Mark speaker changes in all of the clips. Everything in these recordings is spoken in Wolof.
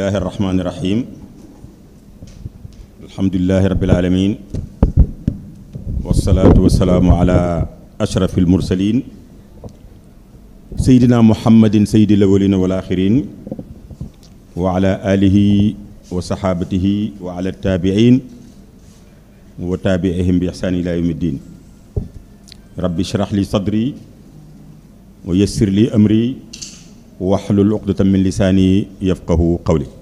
Speaker 1: الله الرحمن الرحيم الحمد لله رب العالمين والصلاة والسلام على أشرف المرسلين سيدنا محمد سيد الأولين والآخرين وعلى آله وصحابته وعلى التابعين وتابعهم بإحسان إلى يوم الدين رب اشرح لي صدري ويسر لي أمري واحلل عقدة من لساني يفقه قولي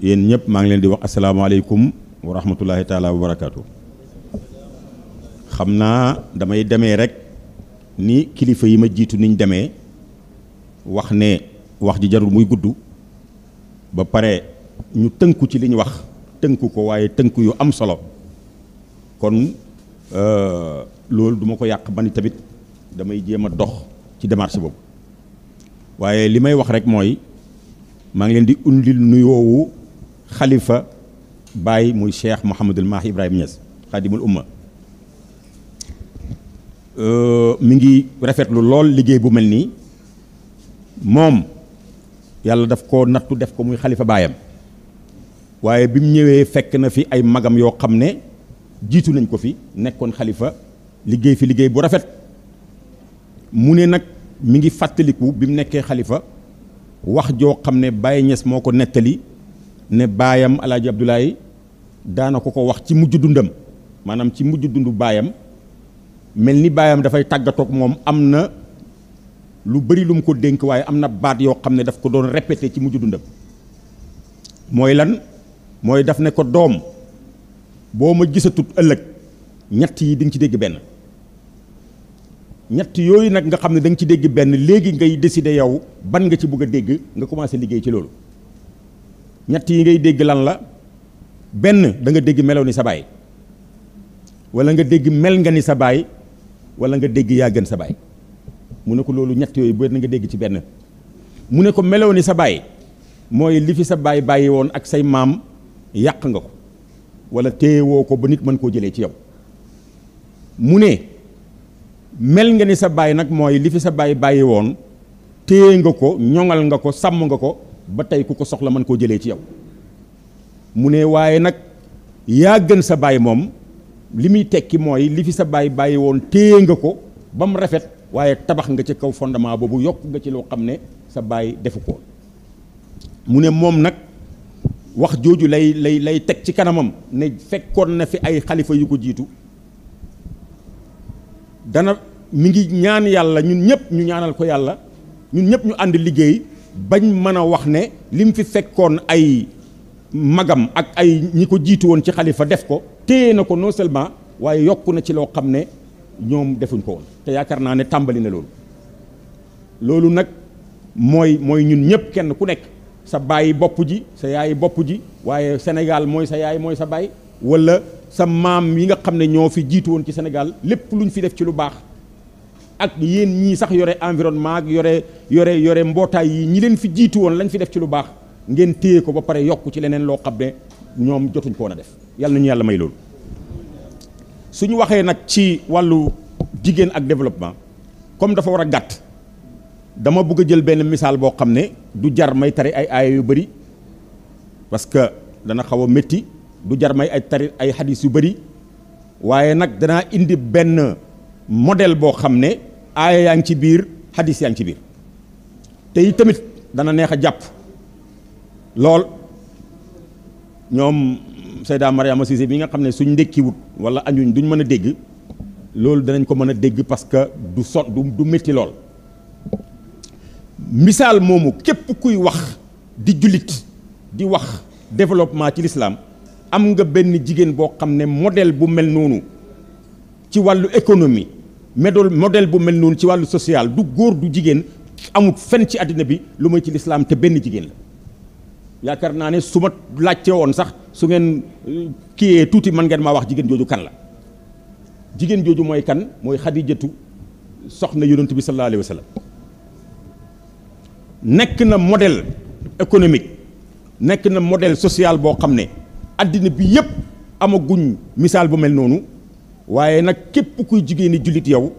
Speaker 1: yéen ñëpp maa ngi leen di wax asalaamaaleykum wa rahmatullahi taala wa xam naa damay demee rek ni kilifa yi ma jiitu niñ demee wax ne wax ji jarul muy gudd ba pare ñu tënku ci li ñu wax tënku ko waaye tënku yu am solo kon euh, loolu duma ko yàq ba man tamit damay jéem a dox ci démarche boobu waaye li may wax rek mooy maa ngi leen di undil nuyoowu خليفه باي موي شيخ محمد الماح ابراهيم نياس خادم الامه أه ميغي رافيت لو لول ليغي بو ملني موم يالا داف كو ناتو داف كو موي خليفه بايام وايي بيم نيوي فك نا في اي ماغام يو خامني جيتو نانكو في نيكون خليفه ليغي في ليغي بو رافيت موني نك ميغي فاتليكو بيم نيكي خليفه واخ جو خامني باي نياس موكو نيتالي ne baayam alaaji Abdoulaye daana ko ko wax ci mujj dundam maanaam ci mujj dund bu baayam mel ni baayam dafay tàggatoog moom am na lu bari lu mu ko dénk waaye am na baat yoo xam ne daf ko doon répété ci mujj dundam mooy lan mooy daf ne ko doom boo ma gisatut ëllëg ñett yi di ci dégg benn ñett yooyu nag nga xam ne da nga ci dégg benn léegi ngay décider yow ban nga ci bëgg dégg nga commencé liggéey ci loolu ñett yi ngay dégg lan la benn danga dégg melaw ni sa baay wala nga dégg mel nga ni sa baay walla nga dégg yaa gën sa baay mu ne ko loolu ñett yooyu bëri nga dégg ci benn mu ne ko melaw ni sa baay mooy li fi sa baay bàyyi woon ak say maam yàq nga ko wala téyewoo ko ba nit mën koo jëlee ci yow mu ne mel nga ni sa baay nag mooy li fi sa baay bàyyi woon téye nga ko ñoŋal nga ko sàmm nga ko ba tey ku ko soxla mën koo jëlee ci yow mu ne waaye nag yaa gën sa baay moom li muy tekki mooy li fi sa baay bàyyi woon tée nga ko ba mu rafet waaye tabax nga ci kaw fondement boobu yokk nga ci loo xam ne sa baay defu ko mu ne moom nag wax jooju lay lay lay teg ci kanamam ne fekkoon na fi ay xalifa yu ko jiitu dana mu ngi ñaan yàlla ñun ñëpp ñu ñaanal ko yàlla ñun ñëpp ñu ànd liggéey bañ mën a wax ne li mu fi fekkoon ay magam ak ay ñi ko jiitu woon ci xalifa def ko téye na ko non seulement waaye yokk na ci loo xam ne ñoom defuñ ko woon te yaakaar naa ne tàmbali na loolu loolu nag mooy mooy ñun ñëpp kenn ku nekk sa bàyyi bopp ji sa yaayi bopp ji waaye Sénégal mooy sa yaay mooy sa baay walla sa maam yi nga xam ne ñoo fi jiitu woon ci Sénégal lépp luñ fi def ci lu baax ak yéen ñii sax yore environnement ak yore yore yore mbootaay yi ñi leen fi jiitu woon lañ fi def ci lu baax ngeen téye ko ba pare yokk ci leneen loo xam ne ñoom jotuñ ko woon a def yàlla ñu yàlla may loolu suñu waxee nag ci wàllu jigéen ak développement comme dafa war a gàtt dama bugg a jël benn misaal boo xam ne du jar may tari ay aaya yu bëri parce que dana xaw a métti du jar may ay tari ay xadis yu bëri waaye nag danaa indi benn modèle boo xam ne aaya yaa ngi ci biir hadis yaa ngi ci biir te tamit dana neex a jàpp lool ñoom Seyda Mariama Cissé bi nga xam ne suñ ndékkiwut wala añuñ duñ mën a dégg loolu danañ ko mën a dégg parce que du son du métti lool misaal moomu képp kuy wax di jullit di wax développement ci lislaam am nga benn jigéen boo xam ne modèle bu mel noonu ci wàllu économie médool modèle bu mel noonu ci wàllu social du góor du jigéen amul fenn ci àddina bi lu may ci lislaam te benn jigéen la yaakaar naa ne su ma laajte woon sax su ngeen euh, kiyee tuuti man ngeen maa wax jigéen jooju kan la jigéen jooju mooy kan mooy xadijatu soxna yonent bi sallallahu alayhi wa nekk na modèle économique nekk na model social boo xam ne àddina bi yépp amaguñ misaal bu mel noonu waaye nag képp kuy jigéen ni jullit yow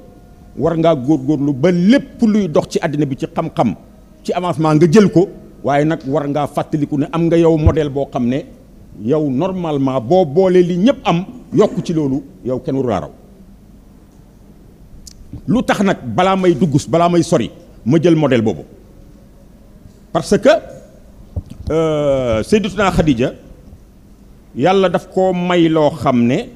Speaker 1: war ngaa góor góorgóorlu ba lépp luy dox ci àddina bi ci xam-xam ci avancement nga jël ko waaye nag war ngaa fàttaliku ne am nga yow modèle boo xam ne yow normalement boo boolee li ñëpp am yokk ci loolu yow kenn warulaa raw lu tax nag balaa may dugg balaa may sori ma jël modèle boobu parce que euh, Sayyidatuna Khadija yàlla daf koo may loo xam ne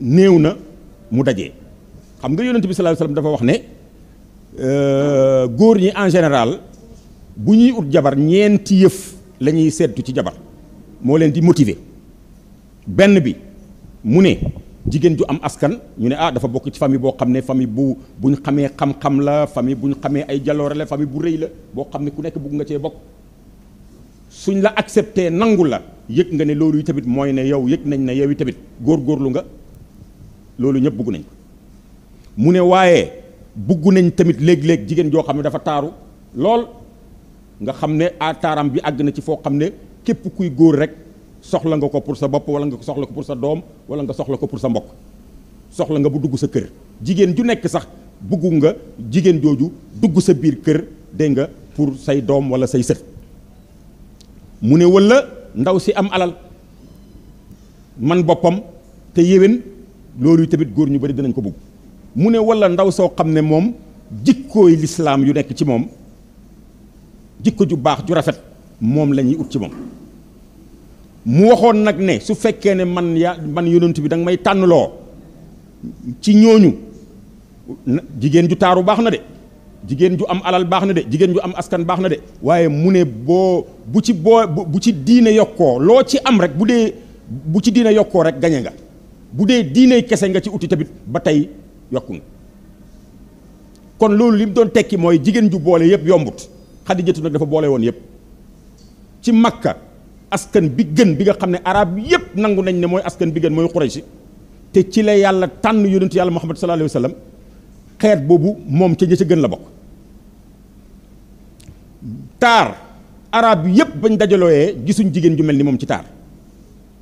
Speaker 1: néew na mu daje xam nga yonent bi sallallahu alayhi wasallam wax ne euh, góor ñi en général bu ñuy ut jabar ñeenti yëf lañuy ñuy seetu ci jabar moo leen di motiver benn bi mu ne jigéen ju am askan ñu ne ah dafa bokk ci famille boo xam ne famille bu bu ñu xamee xam-xam la famille bu ñu xamee ay jaloore la famille bu rëy la boo xam ne ku nekk bëgg nga cee bokk suñ la accepté nangu la yëg nga ne loolu yi tamit mooy ne yow yëg nañ ne yow yi tamit góorlu nga loolu ñëpp bugg nañ ko mu ne waaye bugg nañ tamit léeg-léeg jigéen joo xam ne dafa taaru lool nga xam ne a taaram bi àgg na ci foo xam ne képp kuy góor rek soxla nga ko pour sa bopp wala nga soxla ko pour sa doom wala nga soxla ko pour sa soxla nga bu dugg sa kër jigéen ju nekk sax bugg nga jigéen jooju dugg sa biir kër dégg nga pour say doom wala say sët mu ne wala ndaw si am alal man boppam te yéwén loolu tamit góor ñu bari dinañ ko bëgg mu ne wala ndaw soo xam ne moom jikkooy lislaam yu nekk ci moom jikko ju baax ju rafet moom lañuy ut ci moom mu waxoon nag ne su fekkee ne man ya man yonent bi danga nga may tànnloo ci ñooñu jigéen ju taaru baax na de jigéen ju am alal baax na de jigéen ju am askan baax na de waaye mu ne boo bu ci boo bu ci diine yokkoo loo ci am rek bu dee bu ci diine yokkoo rek gañe nga bu dee diine kese nga ci uti tamit ba tey yokku nga kon loolu li mu doon tekki mooy jigéen ju boole yëpp yombut xadijatu nag dafa boole woon yëpp ci makka askan bi gën bi nga xam ne arab yëpp nangu nañ ne mooy askan bi gën mooy xuraysi te ci la yàlla tànn yonentu yàlla muhammad sallallahu alayhi wa sallam xeet boobu moom ca ña gën la bokk taar arab yëpp bañ dajalooyee gisuñ jigéen ju mel ni moom ci taar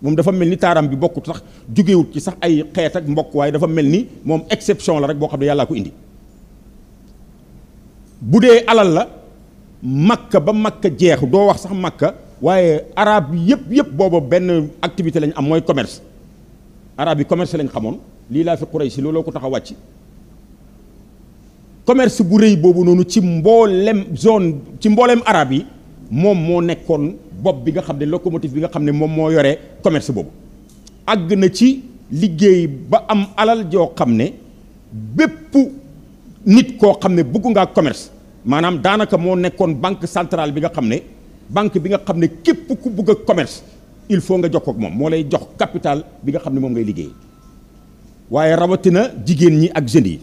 Speaker 1: moom dafa mel ni taaram bi bokkut sax jógewut ci sax ay xeet ak mbokk waaye dafa mel ni moom exception la rek boo xam ne yàllaa ko indi bu dee alal la makka ba makka jeex doo wax sax makka waaye arab yëpp yëpp booba benn activité lañ am mooy commerce arab yi commerce lañ xamoon lii laa fi si looloo ko tax wàcc commerce bu rëy boobu noonu ci mboolem zone ci mboolem arab yi mom mo nekkone bob bi nga xamné locomotive bi nga xamné ne mo yoré commerce bob. ag na ci liggéey ba am alal jo xamné ne nit ko xamné ne bëgg ngaa commerce manam danaka mo nekkone banque centrale bi nga xamné ne banque bi nga xamné ne képp ku bëgg commerce il faut nga jox ak mom mo lay jox capital bi nga xamné ne moom ngay liggéey waye rawatina jigéen ñi ak jeune yi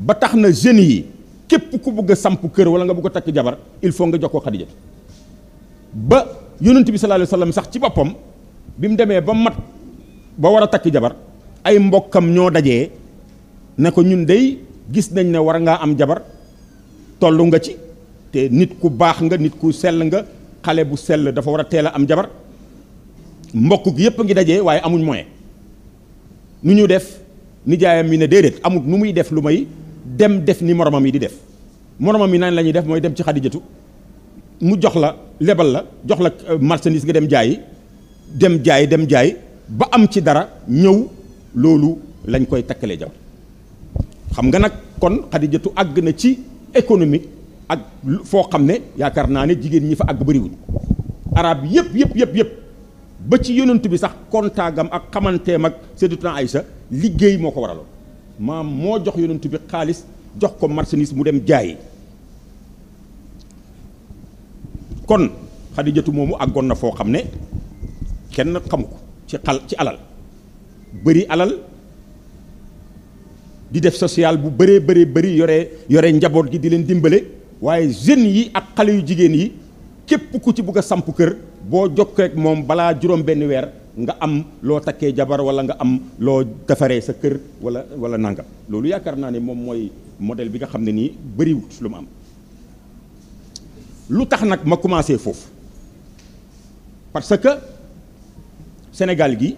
Speaker 1: ba tax na jeune yi képp ku bugg a samp kër wala nga bugg a takk jabar il faut nga jox ko Xadija ba yonent bi sallallahu alayhi wasallam sax ci boppam bi mu demee ba mat ba war a takk jabar ay mbokkam ñoo dajee ne ko ñun dey gis nañ ne war ngaa am jabar tollu nga ci te nit ku baax nga nit ku sell nga xale bu sell dafa war a teel a am jabar mbokk gi yëpp a ngi dajee waaye amuñ moyen nu ñu def nijaayam mi ne déedéet amut nu muy def lu may dem def ni moromam yi di def moromam yi naan la ñuy def mooy dem ci xadijatu mu jox la lebal la jox la euh, marchandise nga dem jaayi dem jaay dem jaay ba am ci dara ñëw loolu lañ koy takkalee jabar xam nga nag kon xadijatu àgg na ci économique ak foo xam ne yaakaar naa ne jigéen ñi fa àgg bëriwuñ arab yëpp yëpp yëpp yëpp ba ci yonent bi sax kontaagam ak xamanteem ak Sayyidatuna Aysa liggéey moo ko waraloon maam moo jox yonent bi xaalis jox ko marchandise mu dem jaayi kon xadijatu moomu àggoon na foo xam ne kenn xamu ko ci xal ci alal bëri alal di def social bu bëree bëree bari yore yore njaboot gi di leen dimbale waaye jeunes yi ak xale yu jigéen yi képp ku ci bugg a samp kër boo jokkoo ak moom balaa juróom benn weer nga am loo takkee jabar wala nga am loo defaree sa kër wala wala nanga loolu yaakaar naa ne moom mooy modèle bi nga xam ne nii bëriwut lu mu am lu tax nag ma commencé foofu parce que Sénégal gi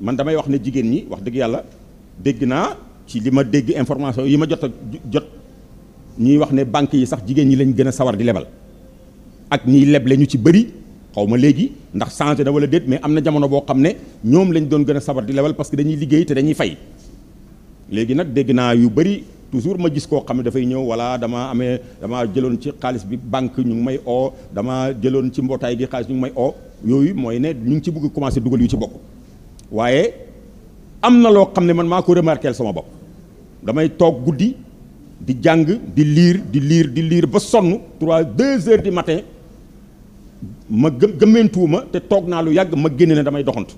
Speaker 1: man damay wax ne jigéen ñi wax dëgg yàlla dégg naa ci li ma dégg information yi ma jot a jot ñuy wax ne banques yi sax jigéen ñi lañ gën a sawar di lebal ak ñiy leble ñu ci bëri xaw ma léegi ndax changé na wala déet mais am na jamono boo xam ne ñoom lañ doon gën a sabar di lebal parce que dañuy liggéey te dañuy fay léegi nag dégg naa yu bëri toujours ma gis koo xam ne dafay ñëw wala dama amee dama jëloon ci xaalis bi banque ñu may o dama jëloon ci mbootaay bi xaalis ñu ngi may oo yooyu mooy ne ñu ngi ci bëgg commencé dugal yu ci bokk waaye am na loo xam ne man maa ko remarqué sama bopp damay toog guddi di jàng di liir di liir di liir ba sonn trois deux heures du matin ma gëm gëmmentuwuma te toog naa lu yàgg ma génne na damay doxantu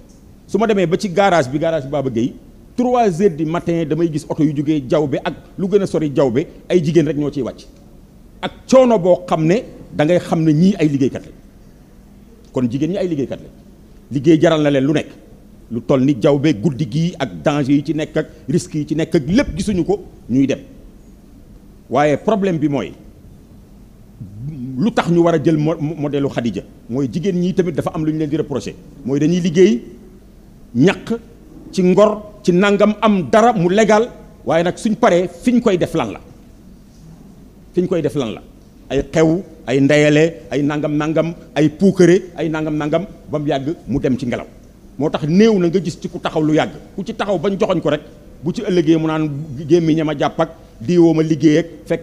Speaker 1: su ma demee ba ci garage bi garage Baba Gueye trois heures di matin damay gis oto yu jógee jawbe ak lu gën a sori jawbe ay jigéen rek ñoo ciy wàcc ak coono boo xam ne da ngay xam ne ñii ay liggéeykat la kon jigéen ñi ay liggéeykat la liggéey jaral na leen lu nekk lu toll ni jawbe guddi gii ak danger yi ci nekk ak risques yi ci nekk ak lépp gisuñu ko ñuy dem waaye problème bi mooy lutax ñu war jël modèle Khadija moy jigen ñi tamit dafa am luñu leen di reprocher moy dañuy liggéey ñaq ci ngor ci nangam am dara mu légal waye nak suñ paré fi koy def lan la fiñ koy def lan la ay xew ay ay nangam nangam ay poukéré ay nangam nangam bam mu mu dem ci ngelaw motax tax na nga gis ci ku taxaw lu ku ci taxaw bañ joxoñ ko rek bu ci mu naan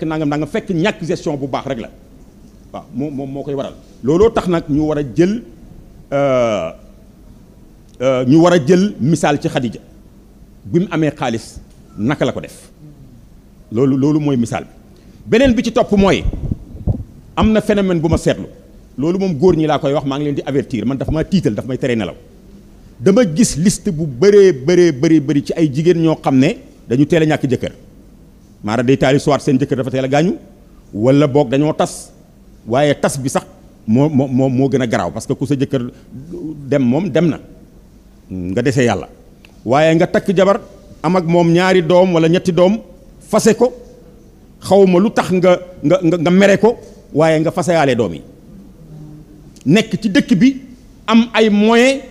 Speaker 1: nangam nangam fekk gestion bu waaw moom moom moo koy waral looloo tax nag ñu war a jël ñu war a jël misaal ci Xadija bi mu amee xaalis naka la ko def loolu loolu mooy misaal bi beneen bi ci topp mooy am na phénomène bu ma seetlu loolu moom góor ñi laa koy wax maa ngi leen di avertir man dafa ma tiital dafa may tere nelaw dama gis liste bu bëree bëree bëri bëri ci ay jigéen ñoo xam ne dañu teel a ñàkk jëkkër maanaam day taali soit seen jëkkër dafa teel a gaañu wala boog dañoo tas waaye tas bi sax moo moo moo moo gën a garaaw parce que ku sa jëkkër dem moom dem na mm, nga dese yàlla waaye nga takk jabar am ak moom ñaari doom wala ñetti doom fase ko xawma lu tax nga nga nga mere ko waaye nga faseyaale doom yi nekk ci dëkk bi am ay moyen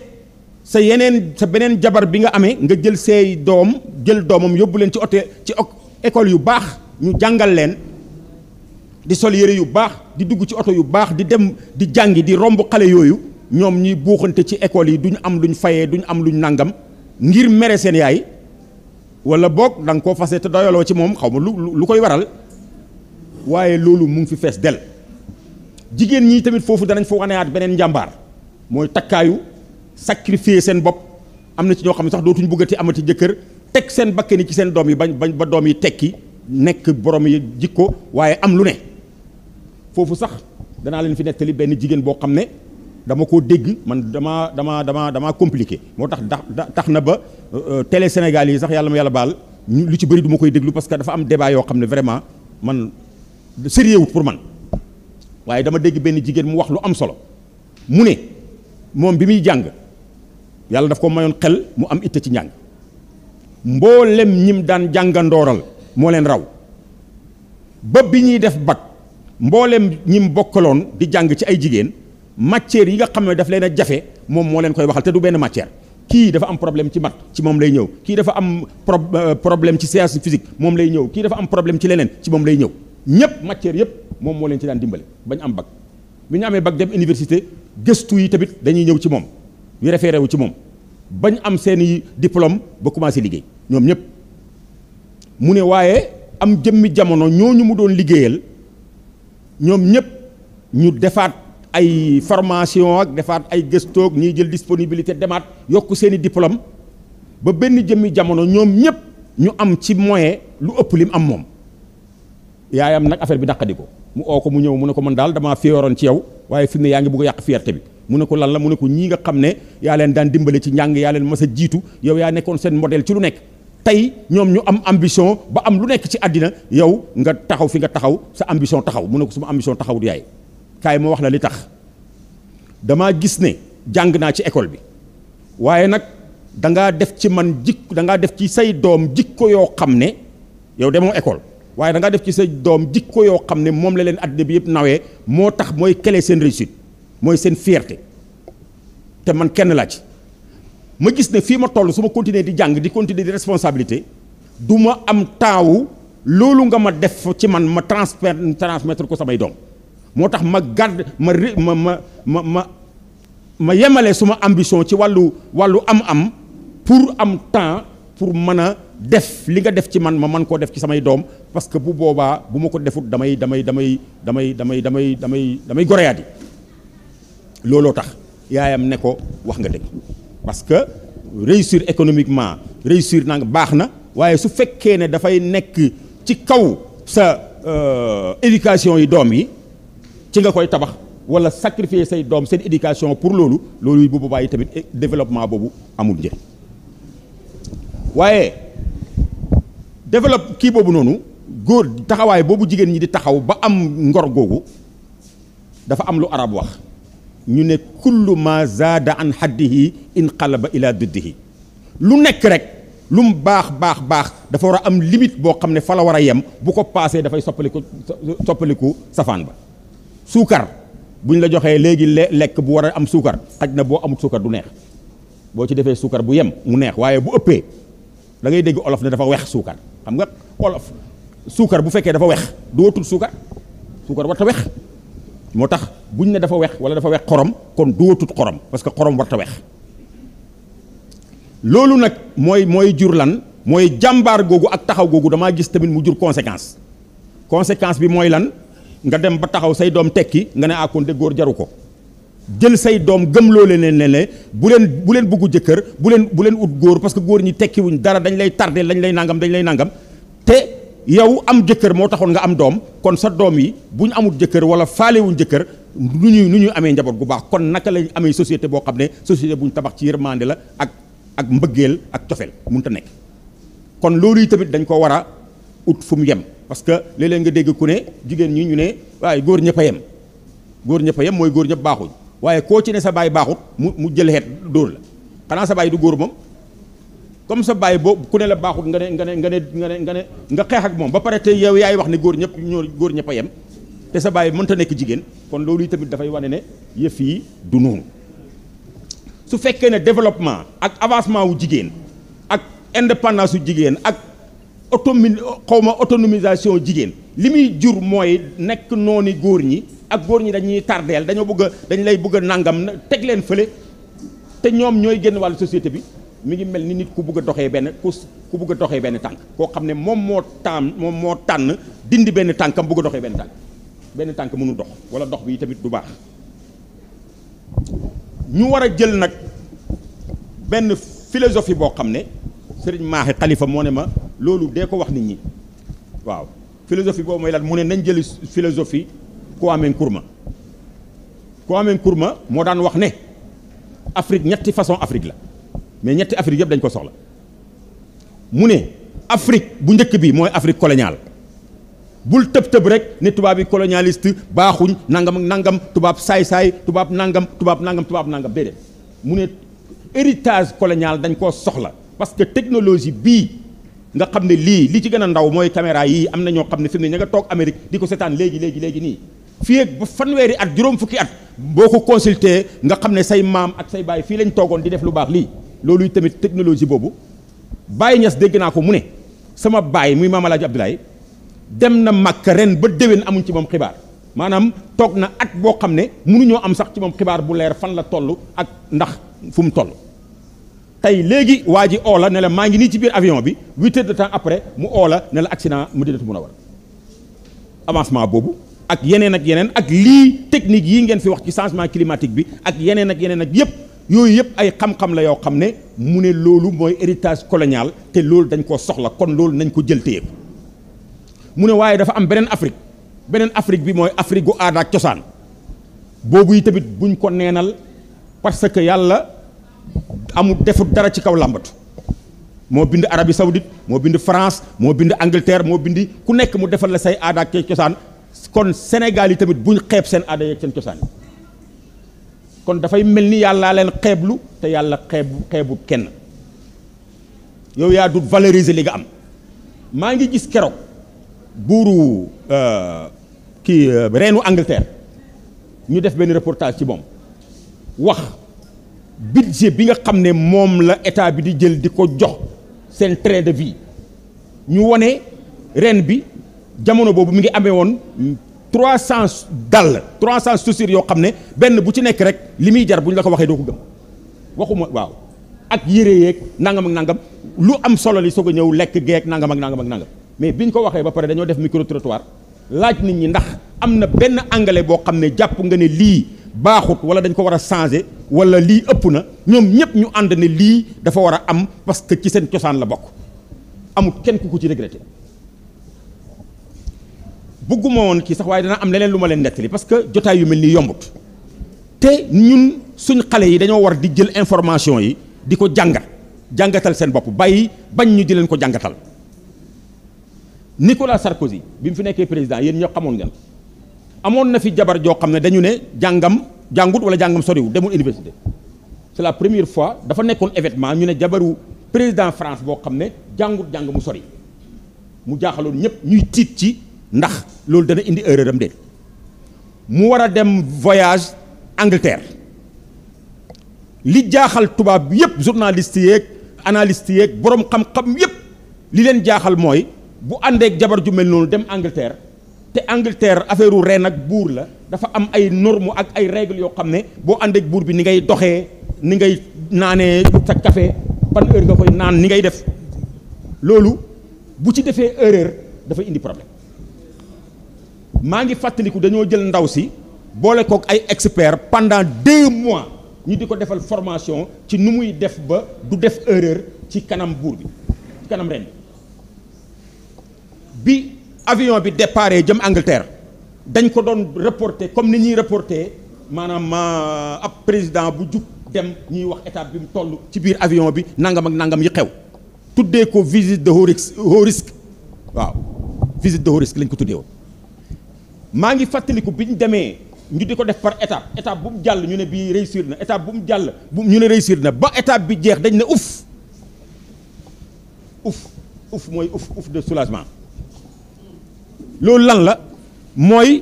Speaker 1: sa yeneen sa beneen jabar bi nga amee nga jël seey doom jël doomam yóbbu leen ci ote ci école yu baax ñu jàngal leen di sol yére yu baax di dugg ci oto yu baax di dem di jàngi di romb xale yooyu ñoom ñuy buuxante ci école yi duñu am luñ fayee duñu am luñ nangam ngir mere seen yaay wala boog da koo fase te doyaloo ci moom xaw ma lu lu koy waral waaye loolu mu ngi fi fees del jigéen ñi tamit foofu danañ fa waneyaat beneen njàmbaar mooy takkaayu sacrifier seen bopp am na ci ñoo xam ne sax dootuñ bëggati amati jëkkër teg seen bakkan yi ci seen doom yi bañ bañ ba doom yi tekki nekk borom yi jikko waaye am lu ne. fofu sax dana len fi nettali benn jigéen boo xam dama ko deg man dama dama dama dama compliqué motax taxna ba euh, euh, télé Sénégal yi sax yalla ma yalla bal lu ci bëri du ma koy parce que dafa am débat yo xamne vraiment man sérieux pour man waye dama deg ben jigen mu wax lu am solo mune mom bi mi jang yalla daf ko mayoon xel mu am itte ci njàng mbollem ñim daan jàngandooral mo len raw ba bi def bak mbooleem ñim bokkaloon di jàng ci ay jigéen matière yi nga xam ne daf leen a jafe moom moo leen koy waxal te du benn matière kii dafa am problème ci mat ci moom lay ñëw kii dafa am euh, problème ci science physique moom lay ñëw kii dafa am problème ci leneen ci moom lay ñëw ñëpp matière yëpp moom moo leen ci daan dimbale ñu am bag bi ñu amee bag dem université gëstu yi tamit dañuy ñëw ci moom yu référé wu ci moom ba ñu am seeni diplôme ba commencé liggéey ñoom ñëpp mu ne waaye am jëmmi jamono ñooñu mu doon liggéeyal ñoom ñëpp ñu defaat ay formation ak defaat ay gëstoog ñiy jël disponibilité demaat yokk seeni diplôme ba benn jëmmi jamono ñoom ñëpp ñu am ci moyen lu ëpp lim am moom yaayam nag affaire bi naqadi ko mu oo ko mu ñëw mu ne ko man daal damaa féeroon ci yow waaye fi mu ne yaa ngi bëgg yàq fierté bi mu ne ko lan la mu ne ko ñii nga xam ne yaa leen daan dimbale ci njàng yaa leen mas a jiitu yow yaa nekkoon seen modèle ci lu nekk tey ñoom ñu am ambition ba am lu nekk ci àddina yow nga taxaw fi nga taxaw sa ambition taxaw mu ne ko suma ambition taxaw du yaay kaay ma wax la li tax damaa gis ne jàng naa ci école bi waaye nag dangaa def ci man jikko dangaa def ci say doom ko yoo xam ne yow demoo école waaye dangaa def ci say doom jikk ko yoo xam ne moom la leen àddina bi yëpp nawee moo tax mooy kele seen réussite mooy seen fierté te man kenn laa ci ma gis ne fi ma toll suma continuer di jàng di continuer di responsabilité du ma am taawu loolu nga ma def ci man ma transfert transmettre ko samay doom moo tax ma garde, ma ma ma ma ma yemale suma ambition ci wàllu wàllu am-am pour am temps pour mën a def li nga def ci man ma mën koo def ci samay doom parce que bu boobaa bu ma ko defut damay damay damay damay damay damay damay damay goreyaat yi looloo tax yaayam ne ko wax nga dëgg parce que réussir économiquement réussir si vous waye su ne fay nek ci kaw sa euh, éducation yi doom yi ci nga koy tabax wala sacrifier say éducation pour lolu lolu bu eh, développement bobu amul waye développe ki qui est di ba am ngor dafa am lu arab ñu ne kullu ma zada an xaddihi inqalaba ila duddihi lu nek rek lu mu bax bax dafa wara am limite bo xamne fa la wara a yem bu ko passé da fay sopaliku sopaliku safan ba sukar buñ la joxé légui lek bu wara am sukar xajna bo amut sukar du neex bo ci defé sukar bu yem mu neex waye bu uppé da ngay dégg olof ne dafa wex sukar xam nga olof sukar bu féké dafa wex du watul sukar suukar warta wex moo tax buñ ne dafa wex wala dafa wex xorom kon duwatut xorom parce que xorom ta wex loolu nag mooy mooy jur lan mooy jàmbaar googu ak taxaw googu damaa gis tamit mu jur conséquence conséquence bi mooy lan nga dem ba taxaw say doom tekki nga ne akoon ah, de góor jaru ko jël say doom gëm loo leen ne ne bu leen bu leen bëggu jëkkër bu leen bu leen ut góor parce que góor ñi tekkiwuñ dara dañ lay tardé lañ lay nangam dañ lay nangam te yow am jëkkër moo taxoon nga am doom kon sa doom yi bu ñu amul jëkkër wala faalewuñ jëkkër nu ñuy nu ñuy amee njaboot gu baax kon naka lañ amee société boo xam ne société buñ tabax ci yërmande la ak ak mbëggeel ak cofeel mun a nekk kon loolu yi tamit dañ ko war a ut fu mu yem parce que léeg nga dégg ku ne jigéen ñi ñu ne waaye góor ñëpp a yem góor ñëpp a yem mooy góor ñëpp baaxuñ waaye koo ci ne sa baay baaxut mu mu jël xeet dóor la xanaa sa baay du góor moom comme sa bàyyi boobu ku ne la baaxut nga ne nga ne nga ne nga ne nga ne xeex ak moom ba pare te yow yaay wax ne góor ñëpp ñoo góor ñëpp a yem te sa bàyyi mënta nekk jigéen kon loolu tamit dafay wane ne yëf yi du noonu su fekkee ne développement ak avancement wu jigéen ak indépendance wu jigéen ak automi xawma autonomisation jigéen li muy jur mooy nekk noonu góor ñi ak góor ñi dañuy tardeel dañoo bëgg dañu lay bëgg a nàngam teg leen fële te ñoom ñooy génn wàllu société bi mi ngi mel ni nit ku bëgg a doxee ku ku a doxee benn tànk koo xam ne moom moo moom dindi benn tànkam bëgg a doxee benn benn tànk mënu dox wala dox bi tamit du baax ñu war jël benn philosophie boo xam ne sëriñ ma ko wax nit ñi waaw philosophie boobu mooy lan mu ne nañ jël philosophie Kwame Nkrumah Kwame Nkrumah moo daan wax Afrique ñetti façon Afrique mais ñetti Afrique yëpp dañ ko soxla mu ne Afrique bu njëkk bi mooy Afrique coloniale bul tëb tëb rek ne tubaab yi colonialiste baaxuñ nangam nangam tubaab saay-saay tubaab nangam tubaab nangam tubaab nangam déedéet mu ne héritage colonial dañ koo soxla parce que technologie bii nga xam ne lii li ci gën a ndaw mooy caméra yii am na ñoo xam ne fi ne ña nga toog Amérique di ko seetaan léegi léegi léegi nii fi ak ba fanweeri at juróom fukki at boo ko consulté nga xam ne say maam ak say baay fii lañ toogoon di def lu baax lii loolu tamit technologie boobu bàyyi Niass dégg naa ko mu ne sama baay muy maam Alaaji Abdoulaye dem na Makka ren ba déwén amuñ ci moom xibaar maanaam toog na at boo xam ne mënuñoo am sax ci moom xibaar bu leer fan la toll ak ndax fu mu toll. tey léegi waa ji oo ne la maa ngi nii ci biir avion bi huit heures de temps après mu ne la ne mu accident Madinatu Munawwara avancement boobu ak yeneen ak yeneen ak lii technique yi ngeen fi wax ci changement climatique bi ak yeneen ak yeneen ak yépp yooyu yëpp ay xam-xam la yoo xam ne mu ne loolu mooy héritage colonial te loolu dañ koo soxla kon loolu nañ ko jël téye ko mu ne waaye dafa am beneen Afrique beneen Afrique bi mooy Afrique gu aada cosaan boobu yi tamit buñ ko neenal parce que yàlla amul defut dara ci kaw làmbatu moo bind arabi Saoudite moo bind France moo bind Angleterre moo bind ku nekk mu defal la say aada ak cosaan kon Sénégal yi tamit buñ xeeb seen aada yeeg seen cosaan kon dafay mel ni yàllaa leen xeeblu te yàlla xeebu xeebu kenn yow yaa dut valoriser li nga am maa ngi gis keroog buuru euh, kii euh, reenu Angleterre ñu def benn reportage ci moom wax budget bi nga xam ne moom la état bi di jël di ko jox seen train de vie ñu wone ren bi jamono boobu mi ngi amee woon trois cent dàll trois cent chaussures yoo xam ne benn bu ci nekk rek li muy jar bu ñu la ko waxee doo ko gëm waxuma waaw ak yére yeeg nangam ak nangam lu am solo li soog a ñëw lekk geeg nangam ak nangam ak nangam mais bi ñu ko waxee ba pare dañoo def micro trottoir laaj nit ñi ndax am na benn anglais boo xam ne jàpp nga ne lii baaxut wala dañ ko war a changer wala lii ëpp na ñoom ñëpp ñu ànd ne lii dafa war a am parce que ci seen cosaan la bokk amul kenn ku ko ci regretté. bëgguma woon kii sax waaye dana am leneen lu ma parce que jotaay yu mel nii yombut te ñun suñ xale yi dañoo war di jël information yi di ko jàngat jàngatal seen bopp bañ ñu di leen ko jàngatal Nicolas Sarkozy bi mu fi président yéen ñoo xamoon ngeen amoon na fi jabar joo xam ne dañu ne jàngam jàngut wala jàngam soriwul demul université c'est la première fois dafa nekkoon événement ñu ne jabaru président France boo xam janga jàngut jàng mu sori mu jaaxaloon ñëpp ñuy ndax loolu dana indi erreur am déet mu war a dem voyage Angleterre li jaaxal tubaab yépp journaliste yeeg analyste yeeg boroom xam-xam yépp li leen jaaxal mooy bu àndeek jabar ju mel noonu dem Angleterre te Angleterre affaire u reen ak buur la dafa am ay norme ak ay règles yoo xam ne boo àndeek buur bi ni ngay doxee ni ngay naanee sa café ban heure nga koy naan ni ngay def loolu bu ci defee erreur dafa indi problème mangi ngi fàttaliku dañoo jël ndaw si boole kook ay expert pendant 2 mois ñu diko ko defal formation ci nu muy def ba du def erreur ci kanam bour bi ci kanam ren bi avion bi départ jëm Angleterre dañ ko doon reporter comme ni ñi reporter maanaam ap président bu juk dem ñi wax étape bi mu toll ci biir avion bi nangam ak nangam yi xew tuddee ko visite de haut risque haut risque waaw visite de haut risque lañ ko tuddee woon Mangi ngi fàttaliku bi ñu demee ñu di def par étape étape buum jall ñu ne bii réussir na étape buum jall jàll ñu ne réussir na ba étape bi jeex dañ ne ouf ouf ouf moy ouf ouf de soulagement loolu lan la moy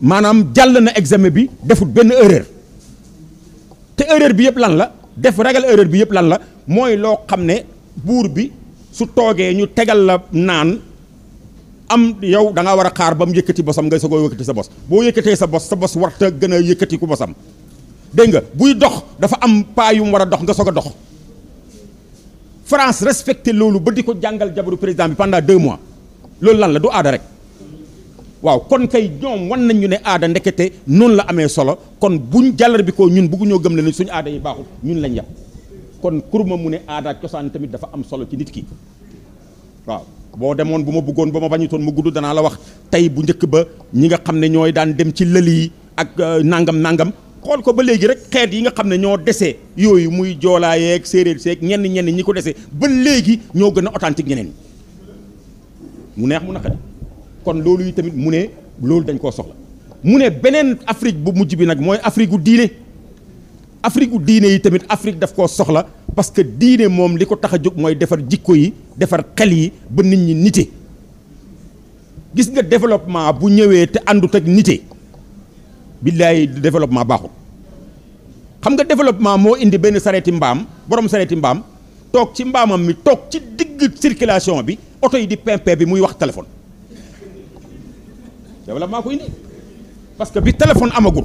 Speaker 1: manam jall na examen bi defut ben erreur té erreur bi yépp lan la def ragal erreur bi yépp lan la moy lo xamné bour bi su toogee ñu tegal la naan am yow da ngaa war a xaar ba mu yëkkati bosam ngay soog ko yëkkati sa bos boo yëkkatee sa bos sa bos warta gën a yëkkati ku bosam dégg nga buy dox dafa am pas yu mu war a dox nga soog a dox France respecté loolu ba di ko jàngal jabaru président bi pendant deux mois loolu lan la du aada rek waaw kon kay ñoom wan nañ ñu ne aada ndekete noonu la amee solo kon buñ jàllar bi ko ñun bëgguñoo gëm la ne suñu aada yi baaxul ñun lañ yaw kon kurma mu ne aada cosaan tamit dafa am solo ci nit ki waaw boo demoon bu ma bëggoon ba ma bañutoon ma gudd danaa la wax tey bu njëkk ba ñi nga xam ne ñooy daan dem ci lël yi ak euh, nangam nangam xool ko ba léegi rek xeet yi nga xam ne ñoo desee yooyu muy joolaa yeeg séeréer seek ñenn ñenn ñi ko desee ba léegi ñoo gën a authentique ñeneen mu neex mu naqari kon loolu yi tamit mu ne loolu dañ koo soxla mu ne beneen Afrique bu mujj bi nag mooy Afrique gu diine Afrique gu diine yi tamit Afrique daf koo soxla. parce que diine moom li ko tax a jóg mooy defar jikko yi defar xel yi ba nit ñi nite gis nga développement bu ñëwee te ànduta ak nite billaay développement baaxul xam nga développement moo indi benn sareeti mbaam borom sareeti mbaam toog ci mbaamam mi toog ci digg circulation bi oto yi di pimpé bi muy wax téléphone développement ko indi parce que bi téléphone amagul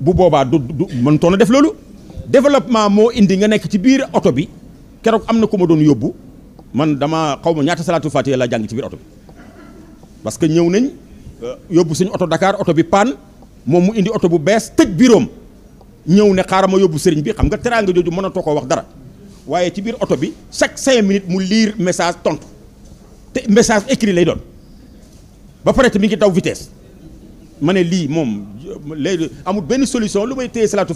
Speaker 1: bu boobaa du du mënutoon a def loolu développement moo indi nga nekk ci biir oto bi keroog am na ku ma doon yóbbu man dama xaw ma ñaata salaatu fatiha la jàng ci biir oto bi parce que ñëw nañ euh, yóbbu suñu oto Dakar oto bi paan moom mu indi oto bu bees tëj biroom ñëw ne xaaral ma yóbbu sëriñ bi xam nga teraanga jooju mënatoo ko wax dara waaye ci biir oto bi chaque cinq minutes mu liir message tontu te message écrit lay doon ba pare te mi ngi daw vitesse ma ne lii moom euh, léegi amul benn solution lu may téye salaatu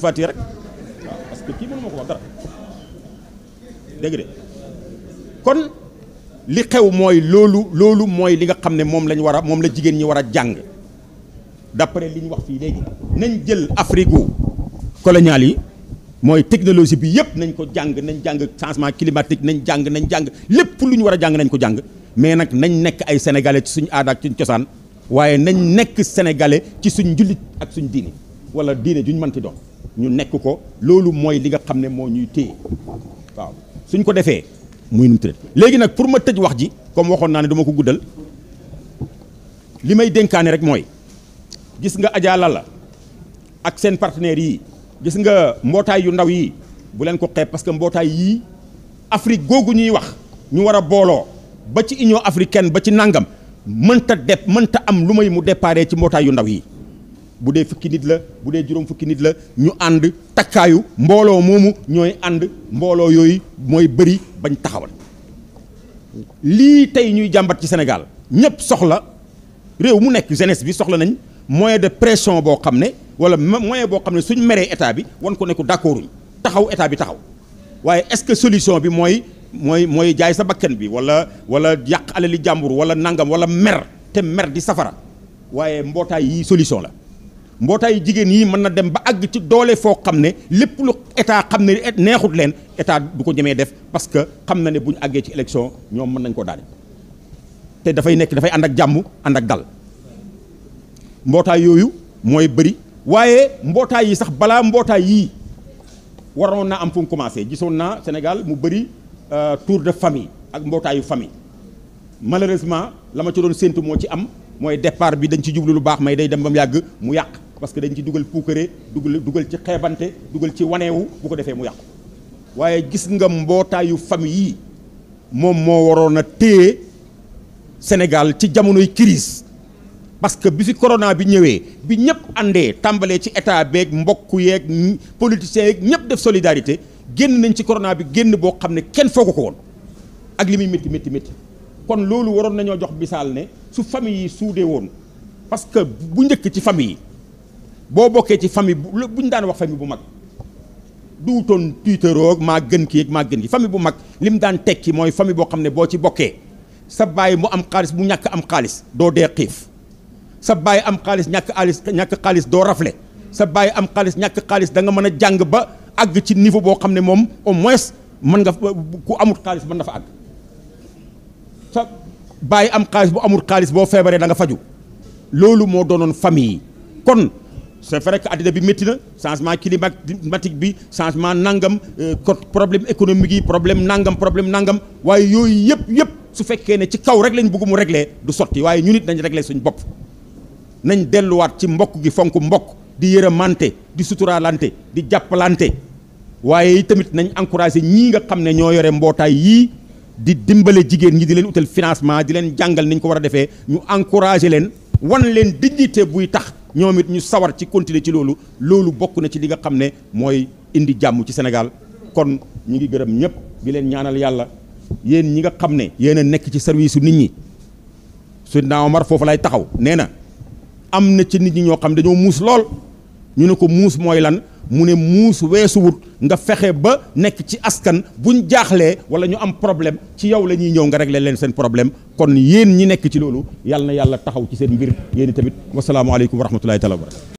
Speaker 1: que kii mënu kon li xew mooy loolu loolu mooy li nga xam ne moom lañ war a moom la jigéen ñi war a jàng d'après li ñu wax fii léegi nañ jël afrigo colonial yi mooy technologie bi yëpp nañ ko jàng nañ jàng changement climatique nañ jàng nañ jàng lépp lu ñu war a jàng nañ ko jàng mais nag nañ nekk ay sénégalais ci suñu aada ak suñu cosaan waaye nañ nekk sénégalais ci suñ njullit ak suñ diini wala diine juñ mënti doon ñu nekk ko loolu mooy li nga xam ne moo ñuy téye waaw suñ ko defee muy nu léegi nag pour ma tëj wax ji comme waxoon naa ne duma ko guddal li may dénkaane rek mooy gis nga Adja Lalla ak seen partenaires yi gis nga mbootaay yu ndaw yi bu leen ko xeeb parce que mbootaay yii Afrique googu ñuy wax ñu war a booloo ba ci Union kenn ba ci nangam mënta dep mënta am lu may mu déparé ci mbootaay yu ndaw yi. bu dee fukki nit la bu dee juróom fukki nit la ñu ànd takkaayu mbooloo moomu ñooy ànd mbooloo yooyu mooy bëri bañ taxawal lii tey ñuy jàmbat ci Sénégal ñëpp soxla réew mu nekk jeunesse bi soxla nañ moyen de pression boo xam ne wala moyen boo xam ne suñ meree état bi wan ko nekku d'accorduñ taxaw état bi taxaw waaye est-ce que solution bi mooy mooy mooy jaay sa bakkan bi wala wala yàq alali jàmbur wala nangam wala mer te mer di safara waaye mbootaay yi solution la mbotay jigéen yi mën na dem ba ag ci doole fo xamne ne lu état xamne neexut du ko def parce que xamna ne buñu agge ci élection ñom mën nañ ko daal te nek da fay and ak jamm and ak dal mbotay yoyu moy mbotay yi sax bala mbotay yi na am fu commencé Sénégal mu euh, tour de famille ak y famille malheureusement la ci doon sentu mo ci am départ bi dañ ci jublu lu bax may day dem parce que dañ ci dugal puukare dugal dugal ci xeebante dugal ci waneewu bu ko defee mu yàqu waaye gis nga mbootaayu famille yi moom moo waroon a téye Sénégal ci jamonoy crise parce que bi fi corona bi ñëwee bi ñëpp àndee tàmbalee ci état beeg mbokk yeeg politiciens yeeg ñëpp def solidarité génn nañ ci corona bi génn boo xam ne kenn foogu ko woon ak li muy métti métti kon loolu waroon nañoo jox misaal ne su famille yi suudee woon parce que bu njëkk ci famille yi boo bokkee ci famille bu bu ñu daan wax famille bu mag duutoon tiitaroog maa gën kii ak maa famille bu mag li mu daan tekki mooy famille boo xam ne boo ci bokkee sa baay mu am xaalis mu ñàkk am xaalis doo dee sa baay am xaalis ñàkk xaalis ñàkk xaalis doo rafle sa baay am xaalis ñàkk xaalis da nga mën a jàng ba àgg ci niveau boo xam ne moom au moins mën nga ku amul xaalis mën na fa àgg sa am xaalis bu amul xaalis boo feebaree da nga faju loolu moo doonoon famille yi kon c'est vrai que àddina bi métti na changement climatique bi changement nangam euh, problème économique yi problème nangam problème nangam waaye yooyu yëpp yëpp su fekkee ne ci kaw rek lañ bëgg mu régler du sotti waaye ñu nit nañ régler suñ bopp nañ delluwaat ci mbokk gi fonk mbokk di yërëmante di suturaalante di jàppalante waaye tamit nañ encouragé ñii nga xam ne ñoo yore mbootaay yii di dimbale jigéen ñi di leen utal financement di leen jàngal ni ko war a defee ñu encouragé leen wan leen dignité buy tax ñoom it ñu sawar ci continuer ci loolu loolu bokk na ci li nga xam ne mooy indi jàmm ci Sénégal kon ñi ngi gërëm ñëpp di leen ñaanal yàlla yéen ñi nga xam ne yéen nekk ci service su nit ñi Seydina Omar foofu lay taxaw nee na am na ci nit ñi ñoo xam dañoo muus lool ñu ne ko muus mooy lan mu ne muus weesuwut nga fexe ba nekk ci askan bu ñu jaaxlee wala ñu am problème ci yow la ñuy ñëw nga régler leen seen problème kon yéen ñi nekk ci loolu yàlla na yàlla taxaw ci seen mbir yéen i tamit wasalaamualeykum wa rahmatullahi taala wa barakatu